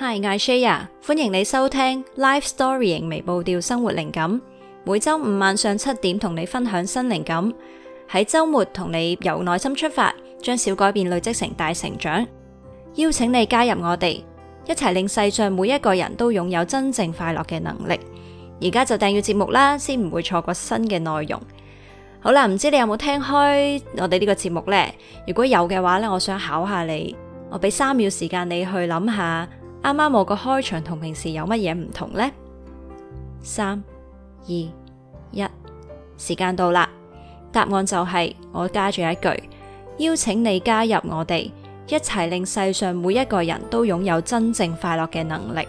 Hi, I'm Shaya，歡迎你收聽《Life Story》微步調生活靈感，每周五晚上七點同你分享新靈感。喺周末同你由內心出發，將小改變累積成大成長。邀請你加入我哋一齊令世上每一個人都擁有真正快樂嘅能力。而家就訂閱節目啦，先唔會錯過新嘅內容。好啦，唔知你有冇聽開我哋呢個節目呢？如果有嘅話咧，我想考下你，我俾三秒時間你去諗下。啱啱我個開場同平時有乜嘢唔同呢？三二一，時間到啦！答案就係我加咗一句，邀請你加入我哋一齊令世上每一個人都擁有真正快樂嘅能力。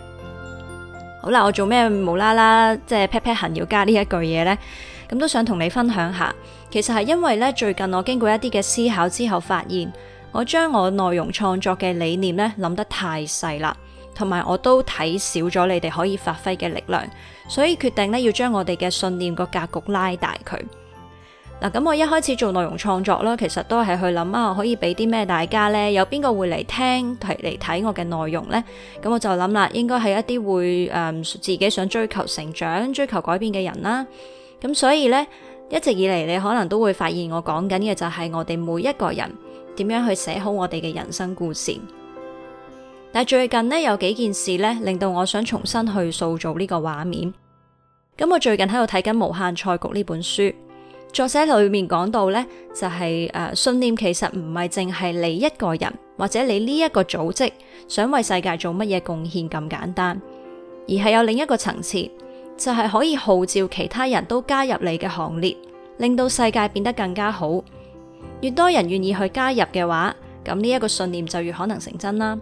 好啦，我做咩無啦啦即係劈劈痕要加呢一句嘢呢？咁都想同你分享下，其實係因為呢，最近我經過一啲嘅思考之後，發現我將我內容創作嘅理念呢，諗得太細啦。同埋我都睇少咗你哋可以發揮嘅力量，所以決定咧，要將我哋嘅信念個格局拉大佢。嗱、啊，咁我一開始做內容創作咧，其實都係去諗啊，可以俾啲咩大家呢？有邊個會嚟聽睇嚟睇我嘅內容呢？咁我就諗啦，應該係一啲會誒、呃、自己想追求成長、追求改變嘅人啦。咁所以呢，一直以嚟你可能都會發現我講緊嘅就係我哋每一個人點樣去寫好我哋嘅人生故事。但係最近咧，有幾件事咧，令到我想重新去塑造呢個畫面。咁、嗯、我最近喺度睇緊《無限賽局》呢本書，作者裏面講到咧，就係、是、誒、呃，信念其實唔係淨係你一個人或者你呢一個組織想為世界做乜嘢貢獻咁簡單，而係有另一個層次，就係、是、可以號召其他人都加入你嘅行列，令到世界變得更加好。越多人願意去加入嘅話，咁呢一個信念就越可能成真啦。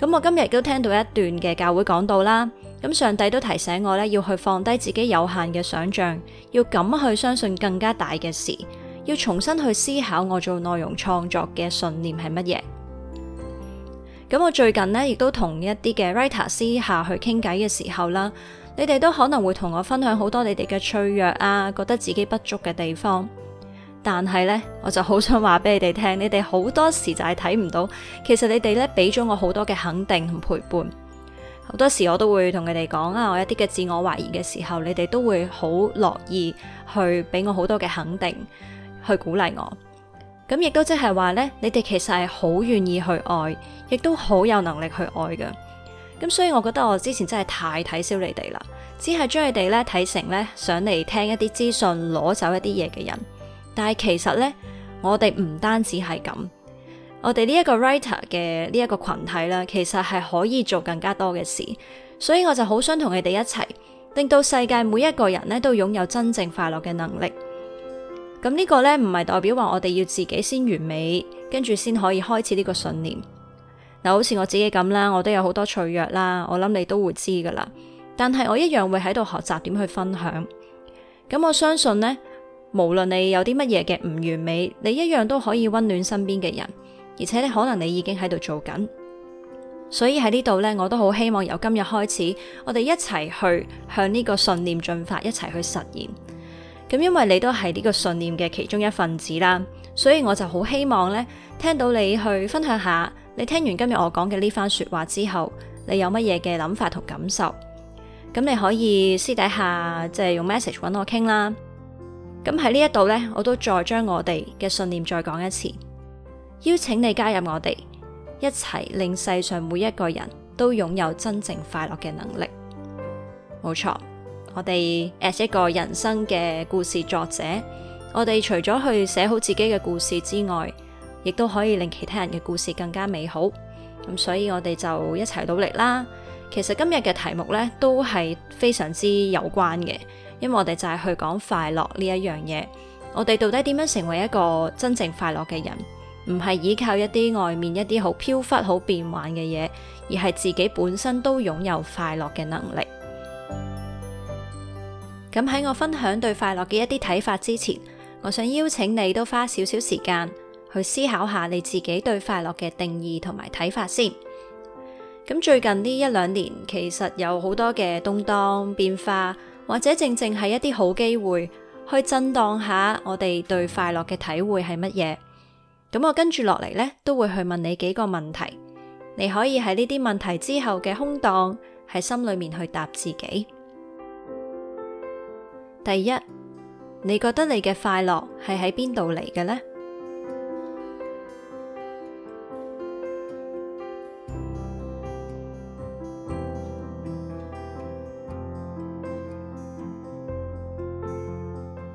咁我今日亦都聽到一段嘅教會講道啦。咁上帝都提醒我咧，要去放低自己有限嘅想象要咁去相信更加大嘅事，要重新去思考我做內容創作嘅信念係乜嘢。咁我最近呢，亦都同一啲嘅 writer 私下去傾偈嘅時候啦，你哋都可能會同我分享好多你哋嘅脆弱啊，覺得自己不足嘅地方。但係咧，我就好想話俾你哋聽，你哋好多時就係睇唔到，其實你哋咧俾咗我好多嘅肯定同陪伴。好多時我都會同佢哋講啊，我一啲嘅自我懷疑嘅時候，你哋都會好樂意去俾我好多嘅肯定，去鼓勵我。咁亦都即係話咧，你哋其實係好願意去愛，亦都好有能力去愛㗎。咁所以我覺得我之前真係太睇小你哋啦，只係將你哋咧睇成咧上嚟聽一啲資訊，攞走一啲嘢嘅人。但係其實咧，我哋唔單止係咁，我哋呢一個 writer 嘅呢一個群體啦，其實係可以做更加多嘅事，所以我就好想同你哋一齊，令到世界每一個人咧都擁有真正快樂嘅能力。咁呢個咧唔係代表話我哋要自己先完美，跟住先可以開始呢個信念。嗱，好似我自己咁啦，我都有好多脆弱啦，我諗你都會知噶啦。但係我一樣會喺度學習點去分享。咁我相信呢。無論你有啲乜嘢嘅唔完美，你一樣都可以溫暖身邊嘅人，而且咧可能你已經喺度做緊，所以喺呢度咧，我都好希望由今日開始，我哋一齊去向呢個信念進發，一齊去實現。咁因為你都係呢個信念嘅其中一份子啦，所以我就好希望咧聽到你去分享下，你聽完今日我講嘅呢番說話之後，你有乜嘢嘅諗法同感受？咁你可以私底下即係、就是、用 message 搵我傾啦。咁喺呢一度呢，我都再將我哋嘅信念再講一次，邀請你加入我哋，一齊令世上每一個人都擁有真正快樂嘅能力。冇錯，我哋係一個人生嘅故事作者，我哋除咗去寫好自己嘅故事之外，亦都可以令其他人嘅故事更加美好。咁所以我哋就一齊努力啦。其實今日嘅題目呢，都係非常之有關嘅。因為我哋就係去講快樂呢一樣嘢，我哋到底點樣成為一個真正快樂嘅人？唔係依靠一啲外面一啲好飄忽、好變幻嘅嘢，而係自己本身都擁有快樂嘅能力。咁喺 我分享對快樂嘅一啲睇法之前，我想邀請你都花少少時間去思考下你自己對快樂嘅定義同埋睇法先。咁最近呢一兩年，其實有好多嘅動盪變化。或者正正係一啲好機會去震盪下，我哋對快樂嘅體會係乜嘢？咁我跟住落嚟呢，都會去問你幾個問題。你可以喺呢啲問題之後嘅空檔，喺心裏面去答自己。第一，你覺得你嘅快樂係喺邊度嚟嘅呢？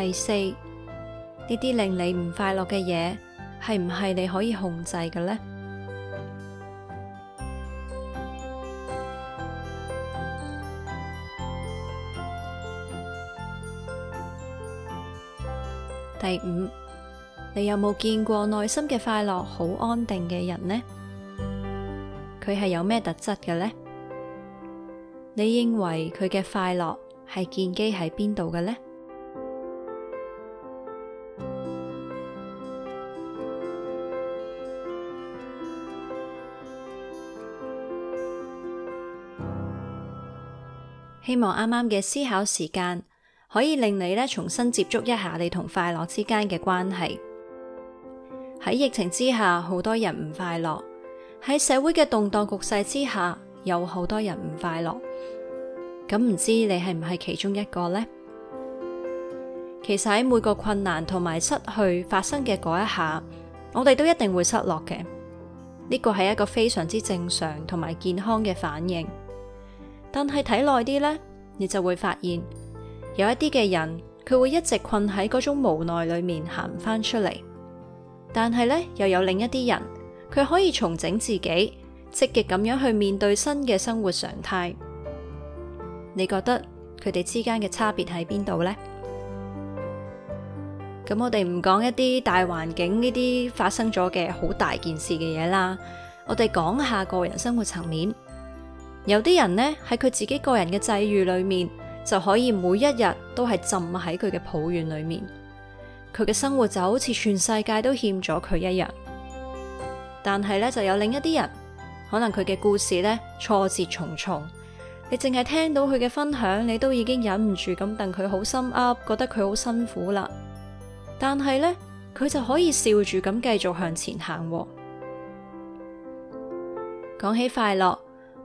第四，呢啲令你唔快樂嘅嘢，係唔係你可以控制嘅呢？第五，你有冇見過內心嘅快樂好安定嘅人呢？佢係有咩特質嘅呢？你認為佢嘅快樂係建基喺邊度嘅呢？希望啱啱嘅思考時間可以令你咧重新接觸一下你同快樂之間嘅關係。喺疫情之下，好多人唔快樂；喺社會嘅動盪局勢之下，有好多人唔快樂。咁唔知你係唔係其中一個呢？其實喺每個困難同埋失去發生嘅嗰一下，我哋都一定會失落嘅。呢個係一個非常之正常同埋健康嘅反應。但係睇耐啲呢，你就會發現有一啲嘅人，佢會一直困喺嗰種無奈裏面行唔翻出嚟。但係呢，又有另一啲人，佢可以重整自己，積極咁樣去面對新嘅生活常態。你覺得佢哋之間嘅差別喺邊度呢？咁我哋唔講一啲大環境呢啲發生咗嘅好大件事嘅嘢啦，我哋講下個人生活層面。有啲人呢，喺佢自己個人嘅際遇裏面，就可以每一日都係浸喺佢嘅抱怨裏面，佢嘅生活就好似全世界都欠咗佢一樣。但係呢，就有另一啲人，可能佢嘅故事呢，挫折重重，你淨係聽到佢嘅分享，你都已經忍唔住咁戥佢好心噏，覺得佢好辛苦啦。但係呢，佢就可以笑住咁繼續向前行。講起快樂。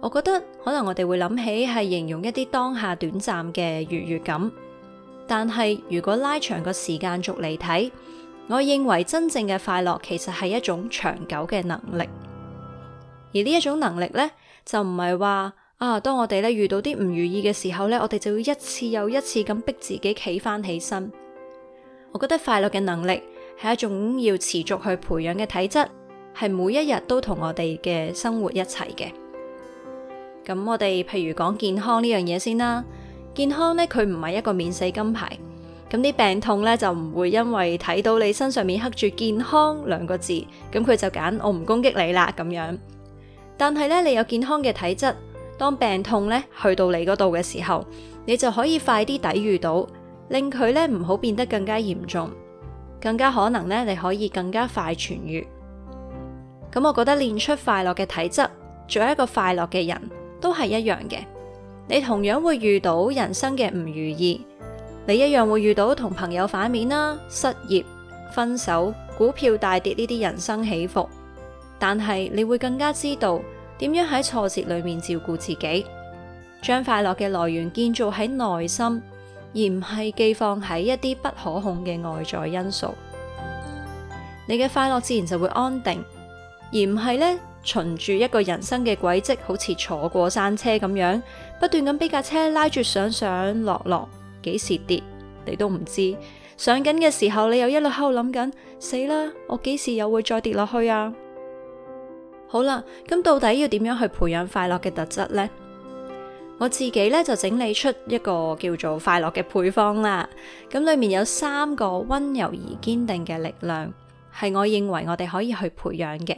我覺得可能我哋會諗起係形容一啲當下短暫嘅愉悅感，但係如果拉長個時間軸嚟睇，我認為真正嘅快樂其實係一種長久嘅能力。而呢一種能力呢，就唔係話啊，當我哋咧遇到啲唔如意嘅時候咧，我哋就要一次又一次咁逼自己企翻起身。我覺得快樂嘅能力係一種要持續去培養嘅體質，係每一日都同我哋嘅生活一齊嘅。咁我哋譬如講健、健康呢樣嘢先啦，健康咧佢唔係一個免死金牌，咁啲病痛咧就唔會因為睇到你身上面刻住健康兩個字，咁佢就揀我唔攻擊你啦咁樣。但係咧，你有健康嘅體質，當病痛咧去到你嗰度嘅時候，你就可以快啲抵禦到，令佢咧唔好變得更加嚴重，更加可能咧你可以更加快痊癒。咁我覺得練出快樂嘅體質，做一個快樂嘅人。都係一樣嘅，你同樣會遇到人生嘅唔如意，你一樣會遇到同朋友反面啦、失業、分手、股票大跌呢啲人生起伏，但係你會更加知道點樣喺挫折裏面照顧自己，將快樂嘅來源建造喺內心，而唔係寄放喺一啲不可控嘅外在因素。你嘅快樂自然就會安定，而唔係呢。循住一個人生嘅軌跡，好似坐過山車咁樣，不斷咁俾架車拉住上上落落，幾時跌你都唔知。上緊嘅時候，你又一路喺度諗緊，死啦！我幾時又會再跌落去啊？好啦，咁到底要點樣去培養快樂嘅特質呢？我自己咧就整理出一個叫做快樂嘅配方啦。咁裏面有三個溫柔而堅定嘅力量，係我認為我哋可以去培養嘅。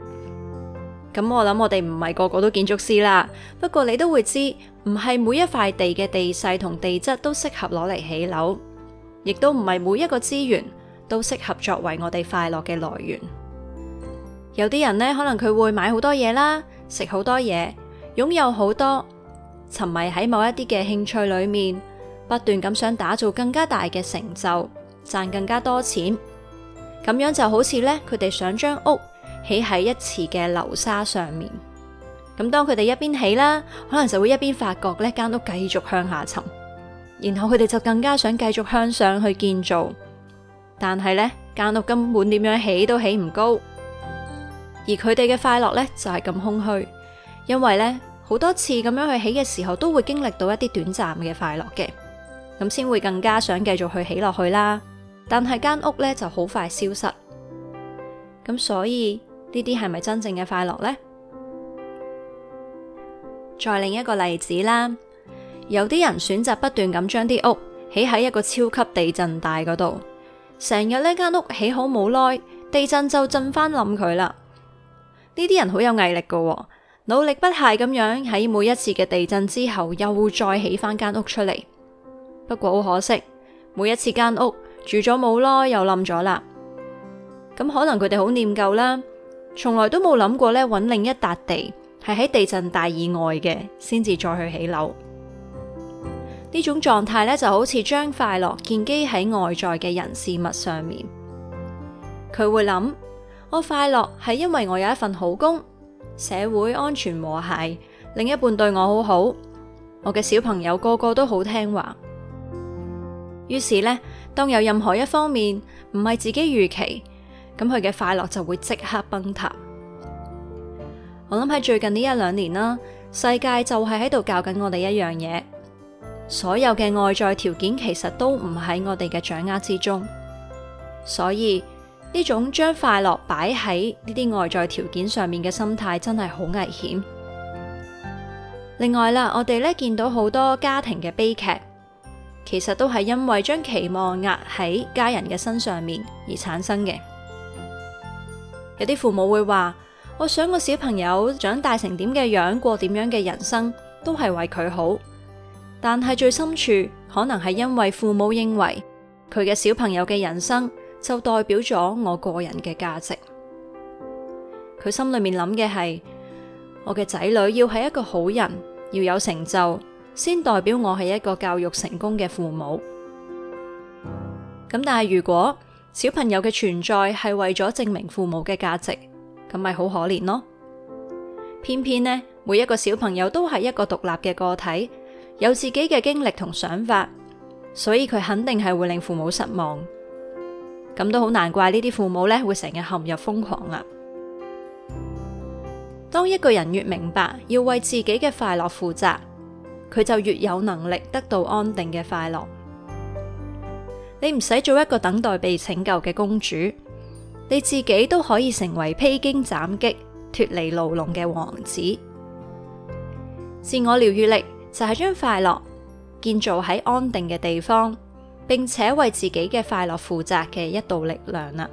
咁我諗我哋唔係個個都建築師啦，不過你都會知，唔係每一塊地嘅地勢同地質都適合攞嚟起樓，亦都唔係每一個資源都適合作為我哋快樂嘅來源。有啲人呢，可能佢會買好多嘢啦，食好多嘢，擁有好多，沉迷喺某一啲嘅興趣裏面，不斷咁想打造更加大嘅成就，賺更加多錢，咁樣就好似呢，佢哋想將屋。起喺一池嘅流沙上面，咁當佢哋一邊起啦，可能就會一邊發覺呢間屋繼續向下沉，然後佢哋就更加想繼續向上去建造，但係呢間屋根本點樣起都起唔高，而佢哋嘅快樂呢就係咁空虛，因為呢好多次咁樣去起嘅時候，都會經歷到一啲短暫嘅快樂嘅，咁先會更加想繼續去起落去啦，但係間屋呢就好快消失，咁所以。呢啲係咪真正嘅快樂呢？再另一個例子啦，有啲人選擇不斷咁將啲屋起喺一個超級地震帶嗰度，成日呢間屋起好冇耐，地震就震翻冧佢啦。呢啲人好有毅力㗎喎，努力不懈咁樣喺每一次嘅地震之後又會再起翻間屋出嚟。不過好可惜，每一次間屋住咗冇耐又冧咗啦。咁可能佢哋好念舊啦。從來都冇諗過揾另一笪地係喺地震帶以外嘅，先至再去起樓。種狀態呢種狀態咧，就好似將快樂建基喺外在嘅人事物上面。佢會諗：我快樂係因為我有一份好工，社會安全和諧，另一半對我好好，我嘅小朋友個個都好聽話。於是呢，當有任何一方面唔係自己預期，咁佢嘅快樂就會即刻崩塌。我諗喺最近呢一兩年啦，世界就係喺度教緊我哋一樣嘢，所有嘅外在條件其實都唔喺我哋嘅掌握之中，所以呢種將快樂擺喺呢啲外在條件上面嘅心態真係好危險。另外啦，我哋咧見到好多家庭嘅悲劇，其實都係因為將期望壓喺家人嘅身上面而產生嘅。有啲父母會話：我想個小朋友長大成點嘅樣，過點樣嘅人生，都係為佢好。但係最深處，可能係因為父母認為佢嘅小朋友嘅人生就代表咗我個人嘅價值。佢心裏面諗嘅係：我嘅仔女要係一個好人，要有成就，先代表我係一個教育成功嘅父母。咁但係如果，小朋友嘅存在係為咗證明父母嘅價值，咁咪好可憐咯。偏偏呢，每一個小朋友都係一個獨立嘅個體，有自己嘅經歷同想法，所以佢肯定係會令父母失望。咁都好難怪呢啲父母呢會成日陷入瘋狂呀。當一個人越明白要為自己嘅快樂負責，佢就越有能力得到安定嘅快樂。你唔使做一個等待被拯救嘅公主，你自己都可以成為披荊斬棘脫離牢籠嘅王子。自我療癒力就係將快樂建造喺安定嘅地方，並且為自己嘅快樂負責嘅一道力量啦。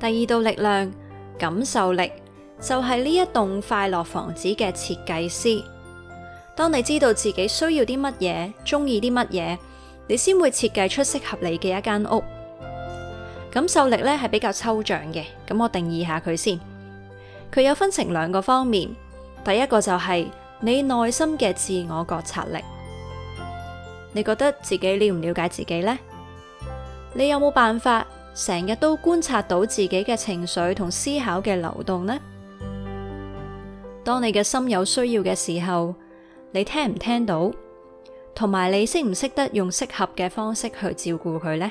第二道力量，感受力，就係呢一棟快樂房子嘅設計師。當你知道自己需要啲乜嘢，中意啲乜嘢，你先會設計出適合你嘅一間屋。感受力咧係比較抽象嘅，咁我定義下佢先。佢有分成兩個方面，第一個就係你內心嘅自我覺察力。你覺得自己了唔了解自己呢？你有冇辦法成日都觀察到自己嘅情緒同思考嘅流動呢？當你嘅心有需要嘅時候，你聽唔聽到？同埋你識唔識得用適合嘅方式去照顧佢呢？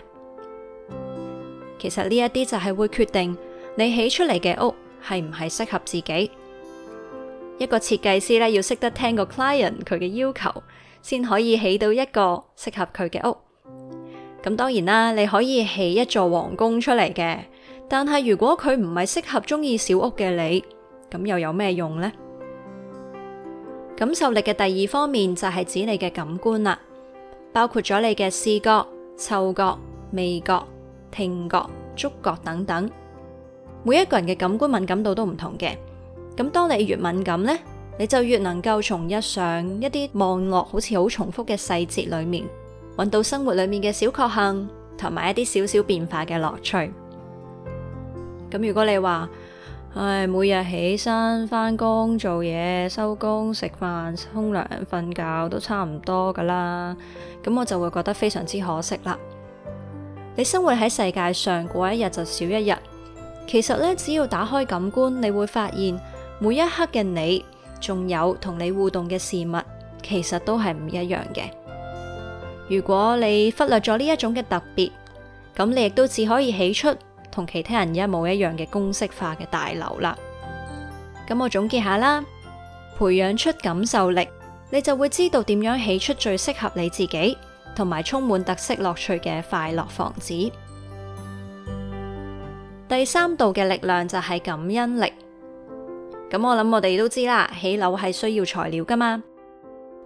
其實呢一啲就係會決定你起出嚟嘅屋係唔係適合自己。一個設計師咧，要識得聽個 client 佢嘅要求，先可以起到一個適合佢嘅屋。咁當然啦，你可以起一座皇宮出嚟嘅，但係如果佢唔係適合中意小屋嘅你，咁又有咩用呢？感受力嘅第二方面就係指你嘅感官啦，包括咗你嘅視覺、嗅覺、味覺、聽覺、觸覺等等。每一個人嘅感官敏感度都唔同嘅，咁當你越敏感呢，你就越能夠從日常一啲望落好似好重複嘅細節裏面，搵到生活裏面嘅小確幸同埋一啲少少變化嘅樂趣。咁如果你話，唉，每日起身、返工、做嘢、收工、食飯、沖涼、瞓覺都差唔多㗎啦，咁我就會覺得非常之可惜啦。你生活喺世界上過一日就少一日，其實呢，只要打開感官，你會發現每一刻嘅你，仲有同你互動嘅事物，其實都係唔一樣嘅。如果你忽略咗呢一種嘅特別，咁你亦都只可以起出。同其他人一模一樣嘅公式化嘅大樓啦。咁我總結下啦，培養出感受力，你就會知道點樣起出最適合你自己同埋充滿特色樂趣嘅快樂房子。第三道嘅力量就係感恩力。咁我諗我哋都知啦，起樓係需要材料㗎嘛。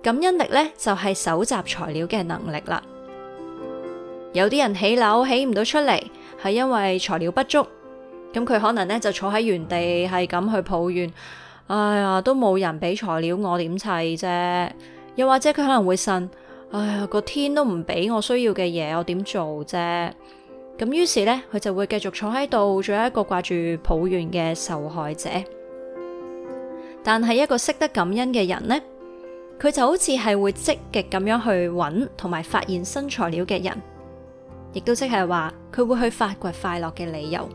感恩力呢，就係搜集材料嘅能力啦。有啲人起樓起唔到出嚟。係因為材料不足，咁佢可能咧就坐喺原地，係咁去抱怨，哎呀，都冇人俾材料我點砌啫？又或者佢可能會呻，哎呀，個天都唔俾我需要嘅嘢，我點做啫？咁於是咧，佢就會繼續坐喺度做一個掛住抱怨嘅受害者。但係一個識得感恩嘅人呢，佢就好似係會積極咁樣去揾同埋發現新材料嘅人。亦都即係話，佢會去發掘快樂嘅理由，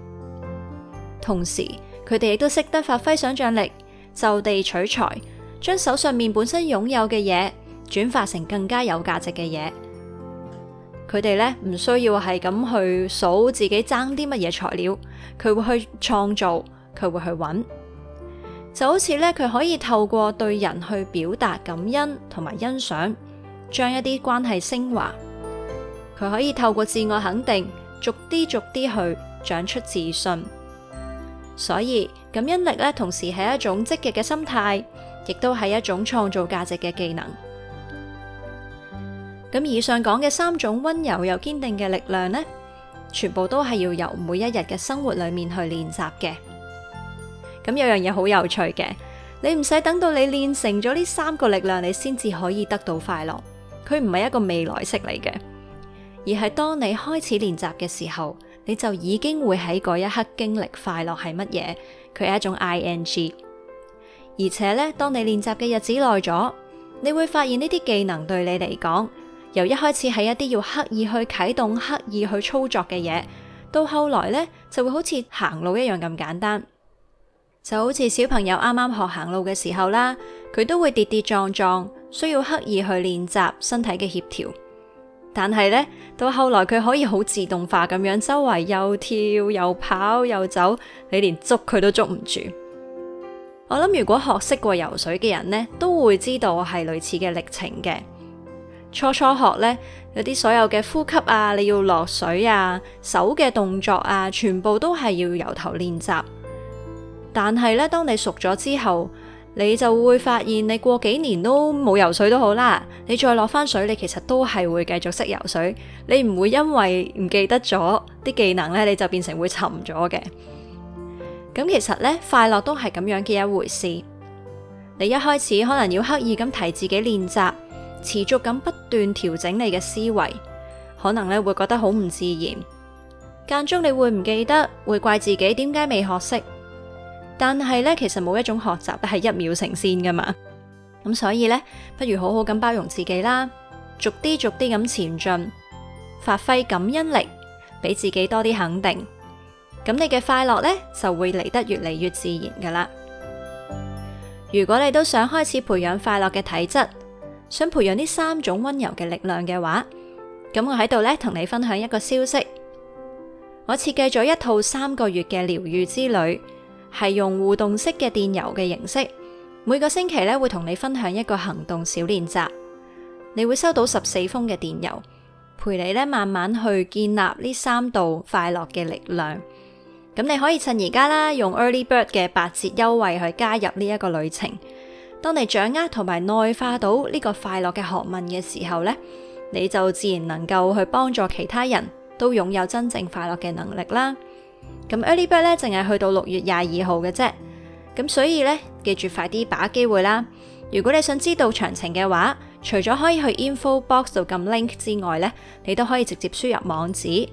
同時佢哋亦都識得發揮想象力就地取材，將手上面本身擁有嘅嘢轉化成更加有價值嘅嘢。佢哋咧，唔需要係咁去數自己爭啲乜嘢材料，佢會去創造，佢會去揾，就好似咧，佢可以透過對人去表達感恩同埋欣賞，將一啲關係升華。佢可以透過自我肯定，逐啲逐啲去長出自信，所以感恩力咧，同時係一種積極嘅心態，亦都係一種創造價值嘅技能。咁以上講嘅三種溫柔又堅定嘅力量呢，全部都係要由每一日嘅生活裏面去練習嘅。咁有樣嘢好有趣嘅，你唔使等到你練成咗呢三個力量，你先至可以得到快樂。佢唔係一個未來式嚟嘅。而係當你開始練習嘅時候，你就已經會喺嗰一刻經歷快樂係乜嘢，佢係一種 i n g。而且咧，當你練習嘅日子耐咗，你會發現呢啲技能對你嚟講，由一開始係一啲要刻意去啟動、刻意去操作嘅嘢，到後來咧就會好似行路一樣咁簡單，就好似小朋友啱啱學行路嘅時候啦，佢都會跌跌撞撞，需要刻意去練習身體嘅協調。但係咧，到後來佢可以好自動化咁樣，周圍又跳又跑又走，你連捉佢都捉唔住。我諗如果學識過游水嘅人咧，都會知道係類似嘅歷程嘅。初初學咧，有啲所有嘅呼吸啊，你要落水啊，手嘅動作啊，全部都係要由頭練習。但係咧，當你熟咗之後，你就會發現，你過幾年都冇游水都好啦，你再落翻水，你其實都係會繼續識游水，你唔會因為唔記得咗啲技能呢，你就變成會沉咗嘅。咁其實呢，快樂都係咁樣嘅一回事。你一開始可能要刻意咁提自己練習，持續咁不斷調整你嘅思維，可能咧會覺得好唔自然，間中你會唔記得，會怪自己點解未學識。但係咧，其實冇一種學習都係一秒成仙噶嘛。咁所以咧，不如好好咁包容自己啦，逐啲逐啲咁前進，發揮感恩力，俾自己多啲肯定。咁你嘅快樂咧，就會嚟得越嚟越自然噶啦。如果你都想開始培養快樂嘅體質，想培養呢三種溫柔嘅力量嘅話，咁我喺度咧同你分享一個消息，我設計咗一套三個月嘅療癒之旅。係用互動式嘅電郵嘅形式，每個星期咧會同你分享一個行動小練習，你會收到十四封嘅電郵，陪你咧慢慢去建立呢三道快樂嘅力量。咁你可以趁而家啦，用 Early Bird 嘅八折優惠去加入呢一個旅程。當你掌握同埋內化到呢個快樂嘅學問嘅時候咧，你就自然能夠去幫助其他人都擁有真正快樂嘅能力啦。咁 early bird 咧，淨係去到六月廿二號嘅啫。咁所以咧，記住快啲把握機會啦。如果你想知道詳情嘅話，除咗可以去 info box 度撳 link 之外咧，你都可以直接輸入網址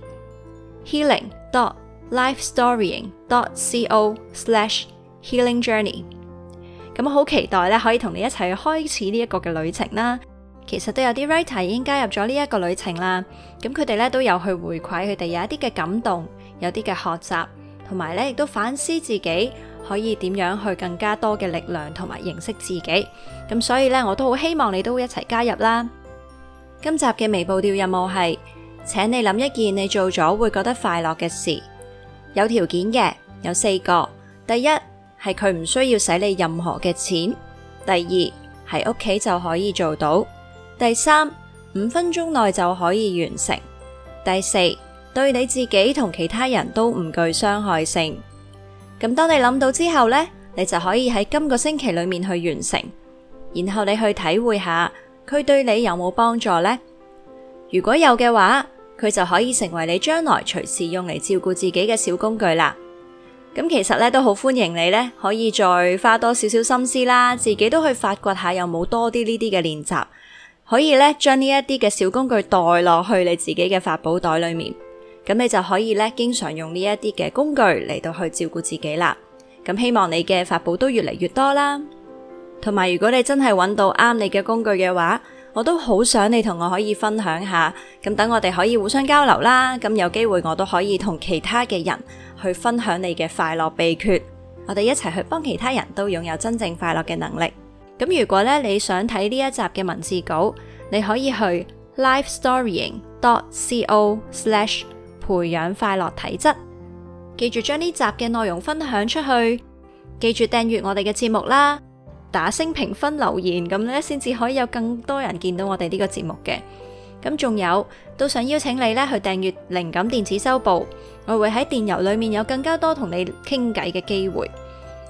healing dot lifestorying dot co slash healing journey。咁好期待咧，可以同你一齊去開始呢一個嘅旅程啦。其實都有啲 writer 已經加入咗呢一個旅程啦。咁佢哋咧都有去回饋佢哋有一啲嘅感動。有啲嘅學習，同埋咧亦都反思自己可以點樣去更加多嘅力量，同埋認識自己。咁所以咧，我都好希望你都會一齊加入啦。今集嘅微步調任務係請你諗一件你做咗會覺得快樂嘅事。有條件嘅有四個，第一係佢唔需要使你任何嘅錢，第二喺屋企就可以做到，第三五分鐘內就可以完成，第四，對你自己同其他人都唔具傷害性。咁，當你諗到之後呢，你就可以喺今個星期裏面去完成，然後你去體會下佢對你有冇幫助呢。如果有嘅話，佢就可以成為你將來隨時用嚟照顧自己嘅小工具啦。咁其實咧都好歡迎你呢，可以再花多少少心思啦，自己都去發掘下有冇多啲呢啲嘅練習，可以呢，將呢一啲嘅小工具帶落去你自己嘅法寶袋裏面。咁你就可以咧，經常用呢一啲嘅工具嚟，到去照顧自己啦。咁希望你嘅法寶都越嚟越多啦。同埋，如果你真係揾到啱你嘅工具嘅話，我都好想你同我可以分享下。咁等我哋可以互相交流啦。咁有機會我都可以同其他嘅人去分享你嘅快樂秘訣。我哋一齊去幫其他人都擁有真正快樂嘅能力。咁如果咧，你想睇呢一集嘅文字稿，你可以去 lifestorying dot co slash 培養快樂體質，記住將呢集嘅內容分享出去，記住訂閱我哋嘅節目啦，打星評分留言咁咧，先至可以有更多人見到我哋呢個節目嘅。咁仲有，都想邀請你咧去訂閱靈感電子週報，我會喺電郵裏面有更加多同你傾偈嘅機會。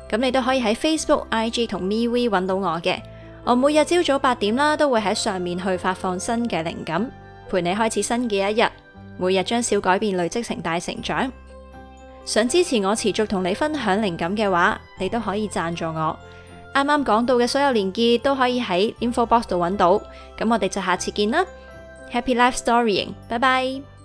咁你都可以喺 Facebook、IG 同 MeWe 揾到我嘅。我每日朝早八點啦，都會喺上面去發放新嘅靈感，陪你開始新嘅一日。每日將小改變累積成大成長，想支持我持續同你分享靈感嘅話，你都可以贊助我。啱啱講到嘅所有鏈接都可以喺 info box 度揾到。咁我哋就下次見啦，Happy Life Storying，拜拜。